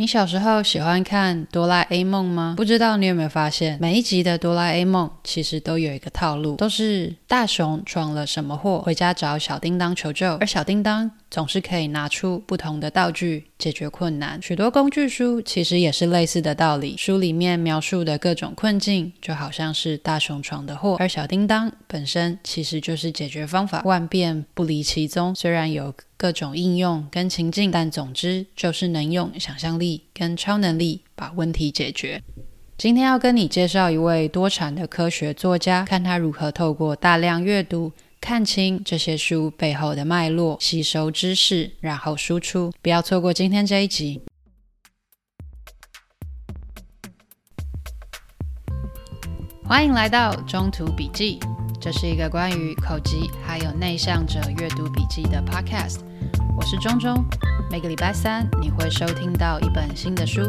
你小時候喜歡看《哆啦 A 夢》嗎？不知道你有沒有發現，每一集的《哆啦 A 夢》其實都有一個套路，都是，大雄闖了什麼禍，回家找小叮噹求救，而小叮噹總是可以拿出不同的道具解決困難。許多工具書其實也是類似的道理，書裡面描述的各種困境就好像是大雄闖的禍，而小叮噹本身其實就是解決方法。萬變不離其宗，雖然有各種應用跟情境，但總之就是能用想象力跟超能力把問題解決。今天要跟你介紹一位多產的科學作家，看他如何透過大量閱讀，看清這些書背後的脈絡，吸收知識，然後輸出。不要錯過今天這一集。歡迎來到中途筆記，這是一個關於口吃還有內向者閱讀筆記的 podcast。我是中中，每個禮拜三你會收聽到一本新的書。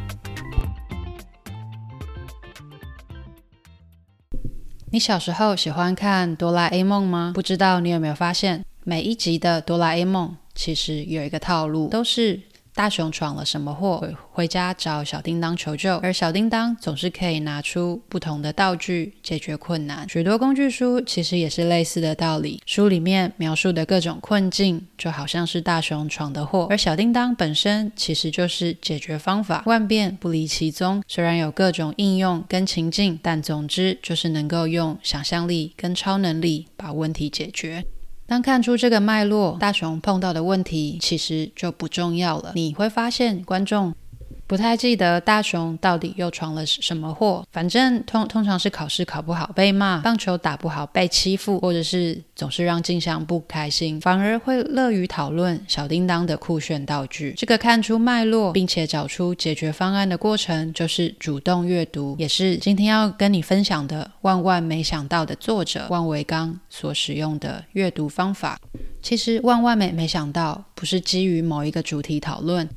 你小時候喜歡看《哆啦 A 夢》嗎？不知道你有沒有發現，每一集的《哆啦 A 夢》其實有一個套路，都是，大雄闖了什麼禍，回回家找小叮噹求救，而小叮噹總是可以拿出不同的道具解決困難。許多工具書其實也是類似的道理，書裡面描述的各種困境，就好像是大雄闖的禍，而小叮噹本身其實就是解決方法。萬變不離其宗，雖然有各種應用跟情境，但總之就是能夠用想象力跟超能力把問題解決。當看出這個脈絡，大雄碰到的問題其實就不重要了。你會發現，觀眾。不太記得大雄到底又闖了什麼禍，反正通通常是考試考不好被罵，棒球打不好被欺負，或者是總是讓靜香不開心，反而會樂於討論小叮噹的酷炫道具。這個看出脈絡並且找出解決方案的過程，就是主動閱讀，也是今天要跟你分享的萬萬沒想到的作者萬維鋼所使用的閱讀方法。其實萬萬沒沒想到，不是基於某一個主題討論。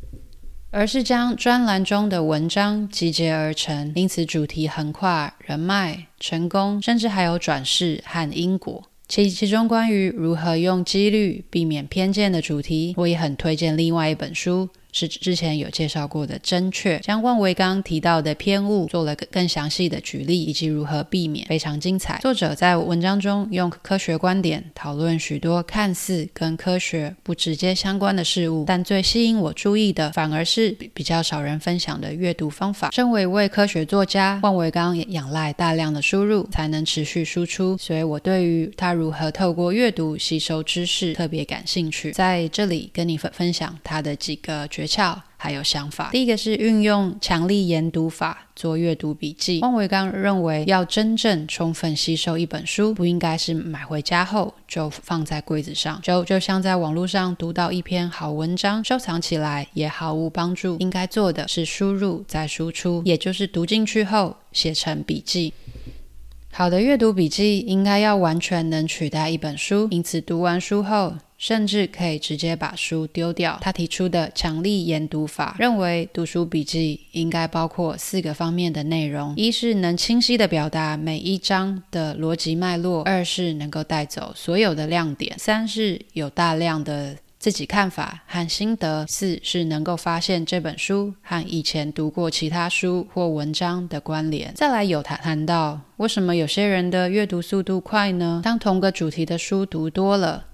而是將專欄中的文章集結而成，因此主題橫跨人脈、成功，甚至還有轉世和因果。其其中關於如何用幾率避免偏見的主題，我也很推薦另外一本書。是之前有介紹過的，真確將萬維剛提到的偏誤做了個更詳細的舉例，以及如何避免，非常精彩。作者在文章中用科學觀點討論許多看似跟科學不直接相關的事物，但最吸引我注意的反而是比，比較少人分享的閱讀方法。身為一位科學作家，萬維剛也仰賴大量的輸入才能持續輸出，所以我對於他如何透過閱讀吸收知識特別感興趣。在這裡跟你分分享他的幾個絕。訣竅還有想法，第一個是運用強力研讀法做閱讀筆記。萬維鋼認為，要真正充分吸收一本書，不應該是買回家後就放在櫃子上，就就像在網絡上讀到一篇好文章，收藏起來也毫無幫助。應該做的是輸入再輸出，也就是讀進去後寫成筆記。好的閱讀筆記應該要完全能取代一本書，因此讀完書後，甚至可以直接把書丟掉。他提出的強力研讀法，認為讀書筆記應該包括四個方面的內容：一是能清晰地表達每一章的邏輯脈絡；二是能夠帶走所有的亮點；三是有大量的自己看法和心得；四是能夠發現這本書和以前讀過其他書或文章的關聯。再來有談談到為什麼有些人的閱讀速度快呢？當同個主題的書讀多了。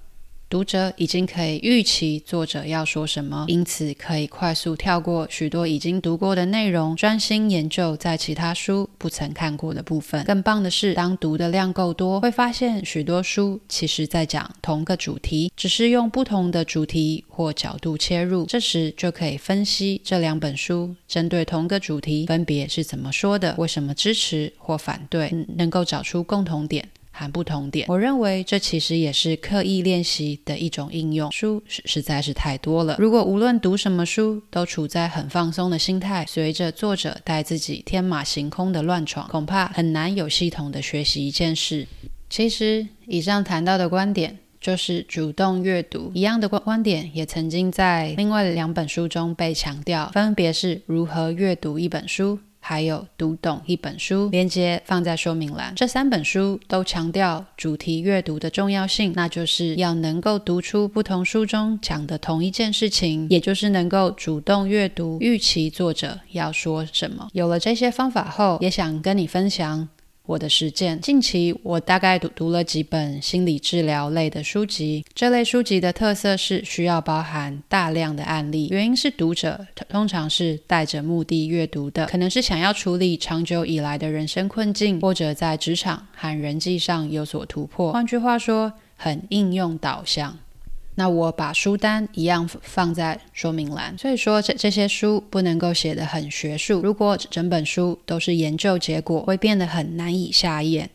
讀者已經可以預期作者要說什麼，因此可以快速跳過許多已經讀過的內容，專心研究在其他書不曾看過的部分。更棒的是，當讀的量夠多，會發現許多書其實在講同個主題，只是用不同的主題或角度切入。這時就可以分析這兩本書針對同個主題分別是怎麼說的，為什麼支持或反對，能，能夠找出共同點。談不同點，我認為這其實也是刻意練習的一種應用。書實在是太多了，如果無論讀什麼書都處在很放鬆的心態，隨着作者帶自己天馬行空的亂闖，恐怕很難有系統的學習一件事。其實以上談到的觀點就是主動閱讀。一樣的觀觀點也曾經在另外兩本書中被強調，分別是如何閱讀一本書。還有讀懂一本書，連結放在說明欄。這三本書都強調主題閱讀的重要性，那就是要能夠讀出不同書中講的同一件事情，也就是能夠主動閱讀，預期作者要說什麼。有了這些方法後，也想跟你分享。我的實踐，近期我大概讀讀了幾本心理治療類的書籍。這類書籍的特色是需要包含大量的案例，原因是讀者通常是帶着目的閱讀的，可能是想要處理長久以來的人生困境，或者在職場和人際上有所突破。換句話說，很應用導向。那我把書單一樣放在說明欄，所以說這這些書不能夠寫得很學術，如果整本書都是研究結果，會變得很難以下咽。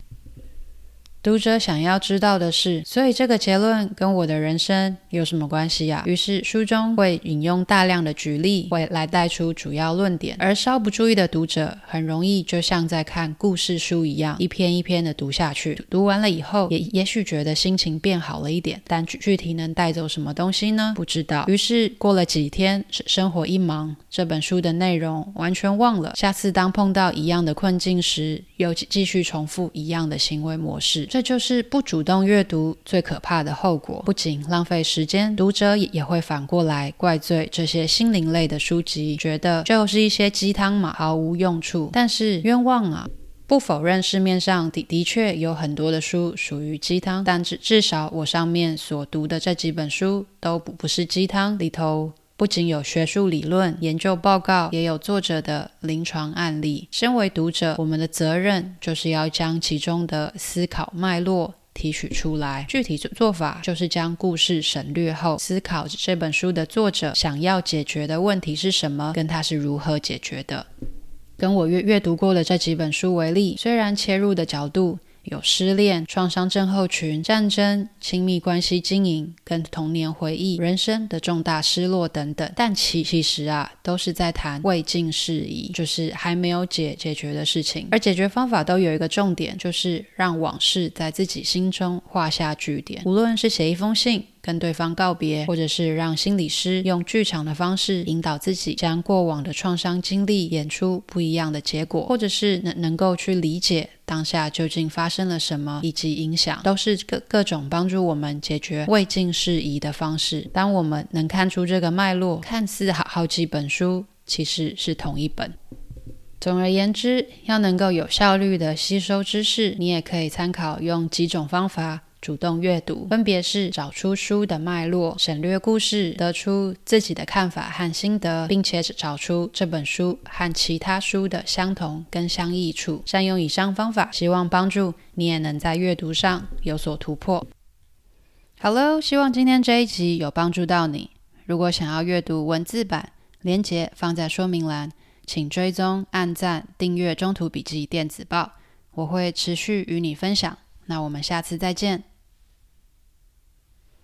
讀者想要知道的是，所以這個結論跟我的人生有什麼關係呀？於是書中會引用大量的舉例，會來帶出主要論點。而稍不注意的讀者，很容易就像在看故事書一樣，一篇一篇的讀下去。讀，讀完了以後，也也許覺得心情變好了一點，但具體能帶走什麼東西呢？不知道。於是過了幾天，生活一忙，這本書的內容完全忘了。下次當碰到一樣的困境時，又繼續重複一樣的行為模式，這就是不主動閱讀最可怕的後果。不僅浪費時間，讀者也,也會反過來怪罪這些心靈類的書籍，覺得就是一些雞湯嘛，毫無用處。但是冤枉啊！不否認市面上的的確有很多的書屬於雞湯，但至至少我上面所讀的這幾本書都不不是雞湯裡頭。不僅有學術理論，研究報告，也有作者的臨床案例。身為讀者，我們的責任就是要將其中的思考脈絡提取出來。具體做法就是將故事省略後，思考這本書的作者想要解決的問題是什麼，跟他是如何解決的。跟我閱閱讀過的這幾本書為例，雖然切入的角度。有失戀、創傷症候群、戰爭、親密關係經營、跟童年回憶、人生的重大失落等等，但其其實啊，都是在談未盡事宜，就是還沒有解解決的事情。而解決方法都有一個重點，就是讓往事在自己心中畫下句點。無論是寫一封信，跟對方告別，或者是讓心理師用劇場的方式引導自己，將過往的創傷經歷演出不一樣的結果，或者是能能夠去理解當下究竟發生了什麼以及影響，都是各各種幫助我們解決未盡事宜的方式。當我們能看出這個脈絡，看似好好幾本書，其實是同一本。總而言之，要能夠有效率的吸收知識，你也可以參考用幾種方法。主動閱讀，分別是找出書的脈絡、省略故事、得出自己的看法和心得，並且找出這本書和其他書的相同跟相異處。善用以上方法，希望幫助你也能在閱讀上有所突破。哈嘍，希望今天這一集有幫助到你。如果想要閱讀文字版，連結放在說明欄，請追蹤、按讚、訂閱《中途筆記電子報》，我會持續與你分享。那我們下次再見。